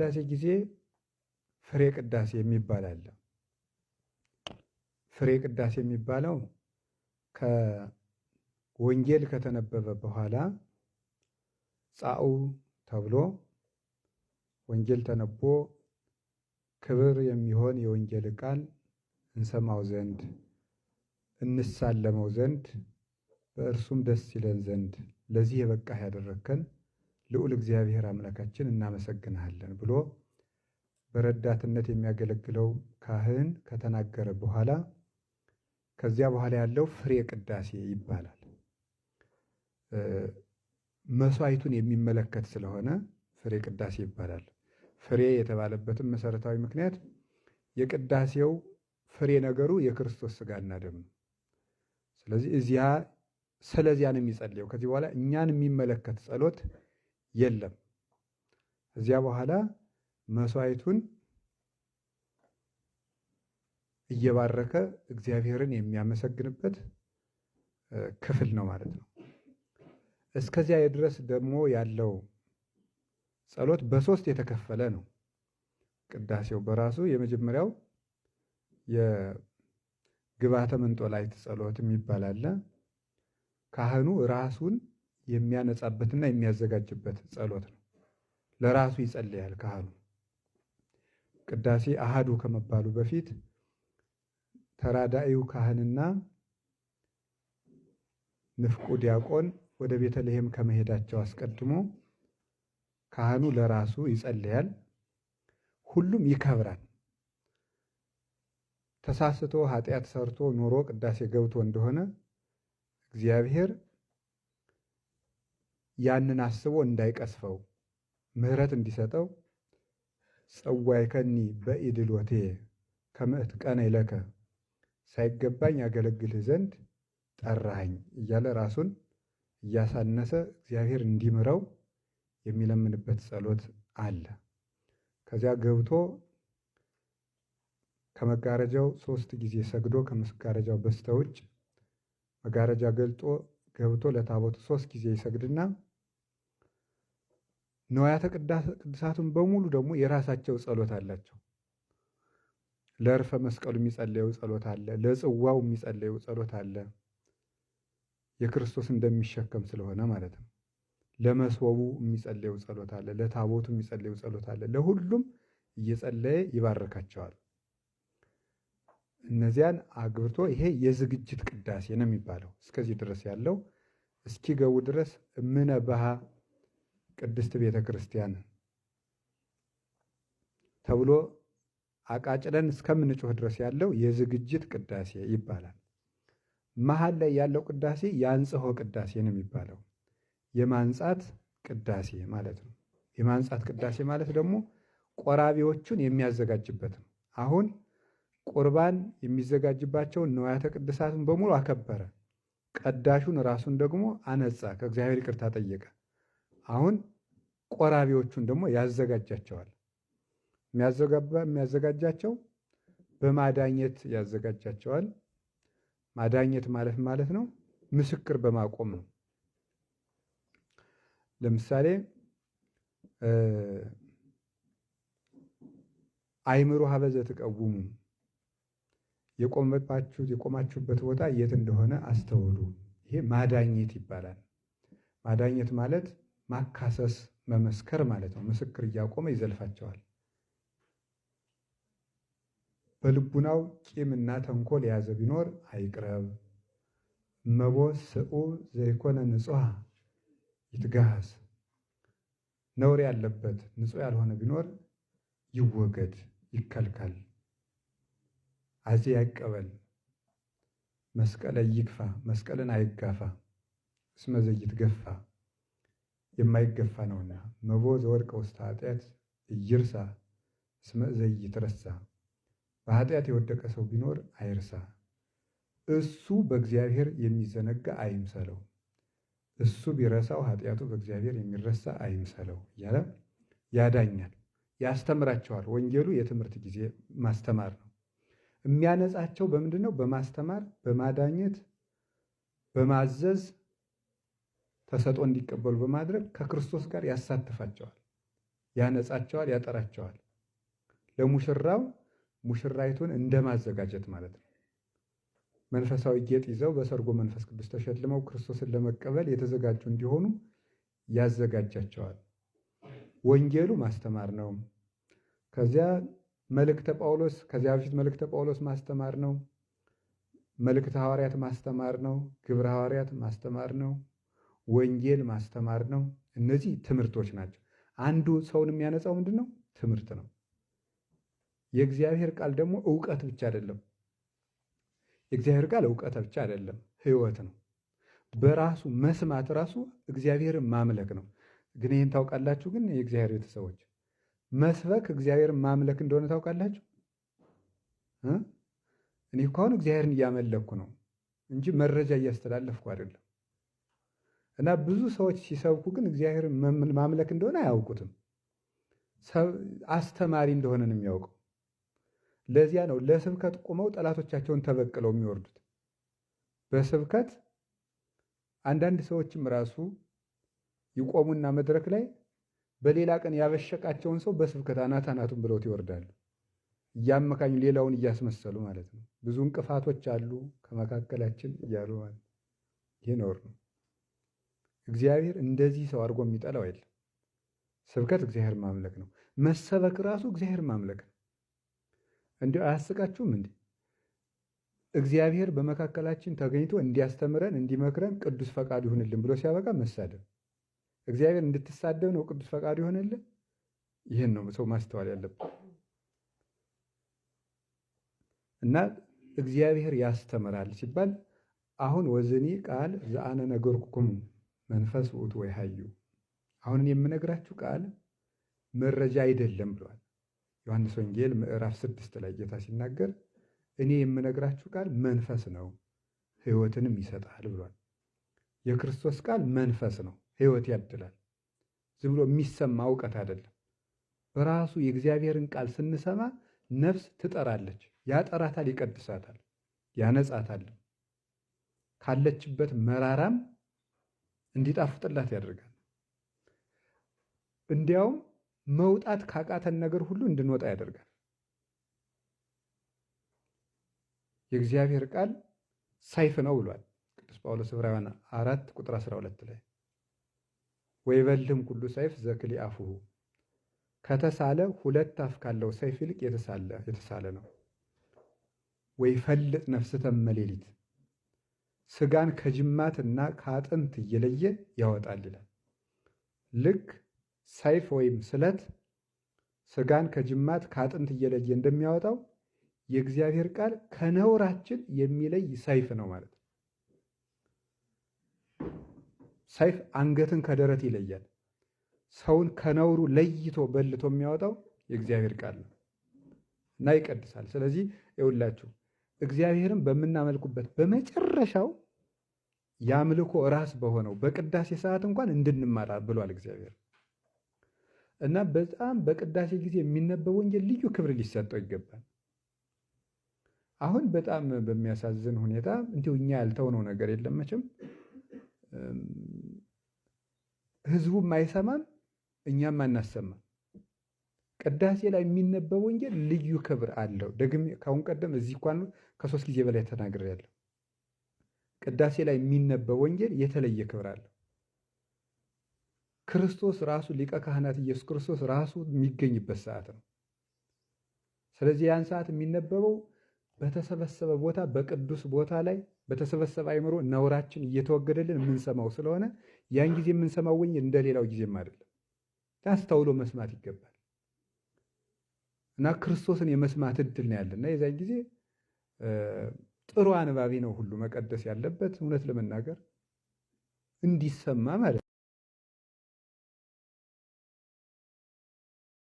ቅዳሴ ጊዜ ፍሬ ቅዳሴ የሚባል አለ። ፍሬ ቅዳሴ የሚባለው ከወንጌል ከተነበበ በኋላ ጻኡ ተብሎ ወንጌል ተነቦ ክብር የሚሆን የወንጌል ቃል እንሰማው ዘንድ እንሳለመው ዘንድ በእርሱም ደስ ይለን ዘንድ ለዚህ የበቃህ ያደረግከን ልዑል እግዚአብሔር አምላካችን እናመሰግንሃለን ብሎ በረዳትነት የሚያገለግለው ካህን ከተናገረ በኋላ ከዚያ በኋላ ያለው ፍሬ ቅዳሴ ይባላል። መስዋዕቱን የሚመለከት ስለሆነ ፍሬ ቅዳሴ ይባላል። ፍሬ የተባለበትም መሰረታዊ ምክንያት የቅዳሴው ፍሬ ነገሩ የክርስቶስ ስጋና ደም ነው። ስለዚህ እዚያ ስለዚያ ነው የሚጸልየው። ከዚህ በኋላ እኛን የሚመለከት ጸሎት የለም። እዚያ በኋላ መስዋዕቱን እየባረከ እግዚአብሔርን የሚያመሰግንበት ክፍል ነው ማለት ነው። እስከዚያ የድረስ ደግሞ ያለው ጸሎት በሶስት የተከፈለ ነው። ቅዳሴው በራሱ የመጀመሪያው የግባተ መንጦላይት ጸሎት የሚባል አለ። ካህኑ ራሱን የሚያነጻበትና የሚያዘጋጅበት ጸሎት ነው። ለራሱ ይጸልያል ካህኑ። ቅዳሴ አሃዱ ከመባሉ በፊት ተራዳኢው ካህንና ንፍቁ ዲያቆን ወደ ቤተልሔም ከመሄዳቸው አስቀድሞ ካህኑ ለራሱ ይጸልያል። ሁሉም ይከብራል። ተሳስቶ ኃጢአት ሰርቶ ኖሮ ቅዳሴ ገብቶ እንደሆነ እግዚአብሔር ያንን አስቦ እንዳይቀስፈው ምሕረት እንዲሰጠው ጸዋይ ከኒ በኢድሎቴ ከምዕት ቀነ ይለከ ሳይገባኝ ያገለግልህ ዘንድ ጠራኸኝ እያለ ራሱን እያሳነሰ እግዚአብሔር እንዲምረው የሚለምንበት ጸሎት አለ። ከዚያ ገብቶ ከመጋረጃው ሶስት ጊዜ ሰግዶ ከመጋረጃው በስተውጭ መጋረጃ ገልጦ ገብቶ ለታቦቱ ሶስት ጊዜ ይሰግድና ነዋያተ ቅዱሳቱን በሙሉ ደግሞ የራሳቸው ጸሎት አላቸው። ለእርፈ መስቀሉ የሚጸለየው ጸሎት አለ። ለጽዋው የሚጸለየው ጸሎት አለ። የክርስቶስ እንደሚሸከም ስለሆነ ማለት ነው። ለመስወቡ የሚጸለየው ጸሎት አለ። ለታቦቱ የሚጸለየው ጸሎት አለ። ለሁሉም እየጸለየ ይባርካቸዋል። እነዚያን አግብቶ ይሄ የዝግጅት ቅዳሴ ነው የሚባለው። እስከዚህ ድረስ ያለው እስኪገቡ ድረስ እምነ ባሃ ቅድስት ቤተ ክርስቲያን ተብሎ አቃጭለን እስከምንጮህ ድረስ ያለው የዝግጅት ቅዳሴ ይባላል። መሀል ላይ ያለው ቅዳሴ የአንጽሆ ቅዳሴ ነው የሚባለው። የማንጻት ቅዳሴ ማለት ነው። የማንጻት ቅዳሴ ማለት ደግሞ ቆራቢዎቹን የሚያዘጋጅበት ነው። አሁን ቁርባን የሚዘጋጅባቸውን ንዋያተ ቅድሳትን በሙሉ አከበረ። ቀዳሹን ራሱን ደግሞ አነጻ፣ ከእግዚአብሔር ይቅርታ ጠየቀ። አሁን ቆራቢዎቹን ደግሞ ያዘጋጃቸዋል። የሚያዘጋጃቸው በማዳኘት ያዘጋጃቸዋል። ማዳኘት ማለት ማለት ነው ምስክር በማቆም ነው። ለምሳሌ አይምሮ ሀበዘ ተቀውሙ የቆመባችሁት የቆማችሁበት ቦታ የት እንደሆነ አስተውሉ። ይሄ ማዳኘት ይባላል። ማዳኘት ማለት ማካሰስ መመስከር ማለት ነው። ምስክር እያቆመ ይዘልፋቸዋል። በልቡናው ቂምና ተንኮል የያዘ ቢኖር አይቅረብ። መቦ ስዑ ዘይኮነ ንጹሐ ይትጋሃስ። ነውር ያለበት ንጹሕ ያልሆነ ቢኖር ይወገድ፣ ይከልከል። አዜ ያቀበል መስቀለ ይግፋ፣ መስቀልን አይጋፋ፣ እስመዘይት ገፋ የማይገፋ ነውና መቦ ዘወድቀ ውስተ ኃጢአት እይርሳ እስመ ይትረሳ በኃጢአት የወደቀ ሰው ቢኖር አይርሳ። እሱ በእግዚአብሔር የሚዘነጋ አይምሰለው፣ እሱ ቢረሳው ኃጢአቱ በእግዚአብሔር የሚረሳ አይምሰለው እያለ ያዳኛል፣ ያስተምራቸዋል። ወንጌሉ የትምህርት ጊዜ ማስተማር ነው። የሚያነጻቸው በምንድን ነው? በማስተማር በማዳኘት በማዘዝ ተሰጦ እንዲቀበሉ በማድረግ ከክርስቶስ ጋር ያሳትፋቸዋል፣ ያነጻቸዋል፣ ያጠራቸዋል። ለሙሽራው ሙሽራይቱን እንደማዘጋጀት ማለት ነው። መንፈሳዊ ጌጥ ይዘው በሰርጎ መንፈስ ቅዱስ ተሸልመው ክርስቶስን ለመቀበል የተዘጋጁ እንዲሆኑ ያዘጋጃቸዋል። ወንጌሉ ማስተማር ነው። ከዚያ መልእክተ ጳውሎስ ከዚያ በፊት መልእክተ ጳውሎስ ማስተማር ነው። መልእክተ ሐዋርያት ማስተማር ነው። ግብረ ሐዋርያት ማስተማር ነው። ወንጌል ማስተማር ነው። እነዚህ ትምህርቶች ናቸው። አንዱ ሰውን የሚያነጻው ምንድን ነው? ትምህርት ነው። የእግዚአብሔር ቃል ደግሞ እውቀት ብቻ አይደለም። የእግዚአብሔር ቃል እውቀት ብቻ አይደለም፣ ህይወት ነው። በራሱ መስማት ራሱ እግዚአብሔርን ማምለክ ነው። ግን ይህን ታውቃላችሁ? ግን የእግዚአብሔር ቤተሰቦች መስበክ እግዚአብሔርን ማምለክ እንደሆነ ታውቃላችሁ? እኔ እኮ አሁን እግዚአብሔርን እያመለኩ ነው እንጂ መረጃ እያስተላለፍኩ አይደለም። እና ብዙ ሰዎች ሲሰብኩ ግን እግዚአብሔርን ማምለክ እንደሆነ አያውቁትም። አስተማሪ እንደሆነ ነው የሚያውቀው። ለዚያ ነው ለስብከት ቁመው ጠላቶቻቸውን ተበቅለው የሚወርዱት። በስብከት አንዳንድ ሰዎችም ራሱ ይቆሙና መድረክ ላይ በሌላ ቀን ያበሸቃቸውን ሰው በስብከት አናት አናቱን ብለውት ይወርዳሉ። እያመካኙ ሌላውን እያስመሰሉ ማለት ነው። ብዙ እንቅፋቶች አሉ ከመካከላችን እያሉ ይህ ነው። እግዚአብሔር እንደዚህ ሰው አድርጎ የሚጠላው የለም። ስብከት እግዚአብሔር ማምለክ ነው። መሰበክ ራሱ እግዚአብሔር ማምለክ ነው። እንዲሁ አያስቃችሁም እንዴ? እግዚአብሔር በመካከላችን ተገኝቶ እንዲያስተምረን እንዲመክረን ቅዱስ ፈቃዱ ይሁንልን ብሎ ሲያበቃ መሳደብ፣ እግዚአብሔር እንድትሳደብ ነው ቅዱስ ፈቃድ ይሆንልን። ይህን ነው ሰው ማስተዋል ያለብን እና እግዚአብሔር ያስተምራል ሲባል አሁን ወዝኒ ቃል ዘአነ ነገርኩኩም መንፈስ ውእቱ ወይ አሁን የምነግራችሁ ቃል መረጃ አይደለም ብሏል። ዮሐንስ ወንጌል ምዕራፍ ስድስት ላይ ጌታ ሲናገር እኔ የምነግራችሁ ቃል መንፈስ ነው ሕይወትንም ይሰጣል ብሏል። የክርስቶስ ቃል መንፈስ ነው፣ ሕይወት ያድላል። ዝም ብሎ የሚሰማ እውቀት አይደለም። በራሱ የእግዚአብሔርን ቃል ስንሰማ ነፍስ ትጠራለች፣ ያጠራታል፣ ይቀድሳታል፣ ያነጻታል ካለችበት መራራም እንዲጣፍጥላት ያደርጋል። እንዲያውም መውጣት ካቃተን ነገር ሁሉ እንድንወጣ ያደርጋል። የእግዚአብሔር ቃል ሰይፍ ነው ብሏል ቅዱስ ጳውሎስ ዕብራውያን አራት ቁጥር 12 ላይ ወይበልም ሁሉ ሰይፍ ዘክሊ አፉሁ ከተሳለ ሁለት አፍ ካለው ሰይፍ ይልቅ የተሳለ ነው። ወይፈልጥ ነፍስተ መሌሊት ስጋን ከጅማትና ከአጥንት እየለየ ያወጣል ይላል። ልክ ሰይፍ ወይም ስለት ስጋን ከጅማት ከአጥንት እየለየ እንደሚያወጣው የእግዚአብሔር ቃል ከነውራችን የሚለይ ሰይፍ ነው ማለት ነው። ሰይፍ አንገትን ከደረት ይለያል። ሰውን ከነውሩ ለይቶ በልቶ የሚያወጣው የእግዚአብሔር ቃል ነው እና ይቀድሳል። ስለዚህ ይውላችሁ እግዚአብሔርን በምናመልኩበት በመጨረሻው የአምልኮ ራስ በሆነው በቅዳሴ ሰዓት እንኳን እንድንማራ ብሏል እግዚአብሔር። እና በጣም በቅዳሴ ጊዜ የሚነበብ ወንጌል ልዩ ክብር ሊሰጠው ይገባል። አሁን በጣም በሚያሳዝን ሁኔታ እንዲሁ እኛ ያልተውነው ነገር የለም መቼም ህዝቡም አይሰማም፣ እኛም አናሰማም። ቅዳሴ ላይ የሚነበብ ወንጌል ልዩ ክብር አለው። ደግሜ ከአሁን ቀደም እዚህ እንኳን ከሶስት ጊዜ በላይ ተናግሬያለሁ። ቅዳሴ ላይ የሚነበብ ወንጌል የተለየ ክብር አለው። ክርስቶስ ራሱ ሊቀ ካህናት ኢየሱስ ክርስቶስ ራሱ የሚገኝበት ሰዓት ነው። ስለዚህ ያን ሰዓት የሚነበበው በተሰበሰበ ቦታ በቅዱስ ቦታ ላይ በተሰበሰበ አይምሮ ነውራችን እየተወገደልን የምንሰማው ስለሆነ ያን ጊዜ የምንሰማው ወንጌል እንደሌላው ጊዜም አይደለም። አስተውሎ መስማት ይገባል። እና ክርስቶስን የመስማት እድል ነው ያለና የዛን ጊዜ ጥሩ አንባቢ ነው ሁሉ መቀደስ ያለበት እውነት ለመናገር እንዲሰማ ማለት